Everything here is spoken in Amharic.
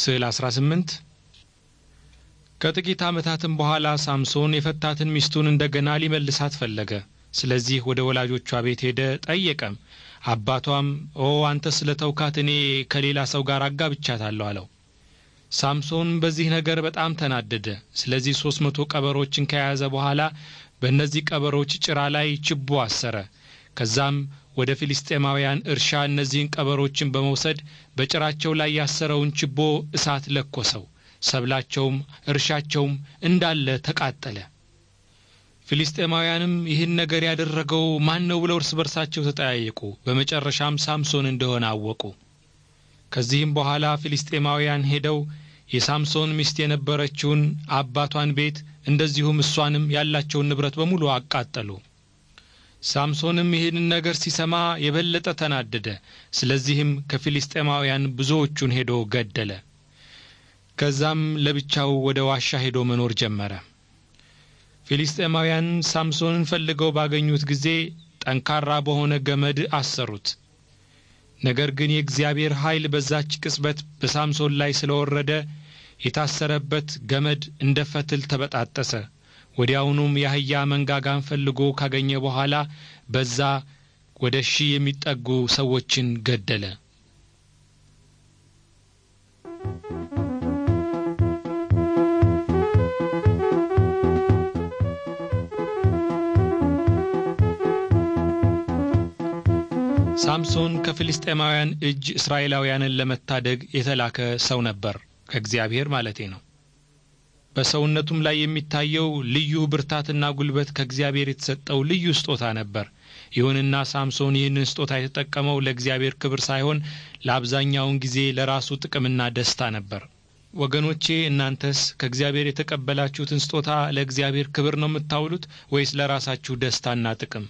ስዕል 18 ከጥቂት ዓመታትም በኋላ ሳምሶን የፈታትን ሚስቱን እንደገና ሊመልሳት ፈለገ። ስለዚህ ወደ ወላጆቿ ቤት ሄደ፣ ጠየቀም። አባቷም ኦ አንተ ስለ ተውካት እኔ ከሌላ ሰው ጋር አጋብቻታለሁ አለው። ሳምሶን በዚህ ነገር በጣም ተናደደ። ስለዚህ ሶስት መቶ ቀበሮችን ከያዘ በኋላ በእነዚህ ቀበሮች ጭራ ላይ ችቦ አሰረ። ከዛም ወደ ፊልስጤማውያን እርሻ እነዚህን ቀበሮችን በመውሰድ በጭራቸው ላይ ያሰረውን ችቦ እሳት ለኮሰው፣ ሰብላቸውም እርሻቸውም እንዳለ ተቃጠለ። ፊልስጤማውያንም ይህን ነገር ያደረገው ማን ነው ብለው እርስ በርሳቸው ተጠያየቁ። በመጨረሻም ሳምሶን እንደሆነ አወቁ። ከዚህም በኋላ ፊልስጤማውያን ሄደው የሳምሶን ሚስት የነበረችውን አባቷን ቤት እንደዚሁም እሷንም ያላቸውን ንብረት በሙሉ አቃጠሉ። ሳምሶንም ይህንን ነገር ሲሰማ የበለጠ ተናደደ። ስለዚህም ከፊልስጤማውያን ብዙዎቹን ሄዶ ገደለ። ከዛም ለብቻው ወደ ዋሻ ሄዶ መኖር ጀመረ። ፊልስጤማውያን ሳምሶንን ፈልገው ባገኙት ጊዜ ጠንካራ በሆነ ገመድ አሰሩት። ነገር ግን የእግዚአብሔር ኃይል በዛች ቅጽበት በሳምሶን ላይ ስለወረደ የታሰረበት ገመድ እንደ ፈትል ተበጣጠሰ። ወዲያውኑም የአህያ መንጋጋን ፈልጎ ካገኘ በኋላ በዛ ወደ ሺህ የሚጠጉ ሰዎችን ገደለ። ሳምሶን ከፊልስጤማውያን እጅ እስራኤላውያንን ለመታደግ የተላከ ሰው ነበር፣ ከእግዚአብሔር ማለቴ ነው። በሰውነቱም ላይ የሚታየው ልዩ ብርታትና ጉልበት ከእግዚአብሔር የተሰጠው ልዩ ስጦታ ነበር። ይሁንና ሳምሶን ይህንን ስጦታ የተጠቀመው ለእግዚአብሔር ክብር ሳይሆን ለአብዛኛውን ጊዜ ለራሱ ጥቅምና ደስታ ነበር። ወገኖቼ እናንተስ ከእግዚአብሔር የተቀበላችሁትን ስጦታ ለእግዚአብሔር ክብር ነው የምታውሉት ወይስ ለራሳችሁ ደስታና ጥቅም?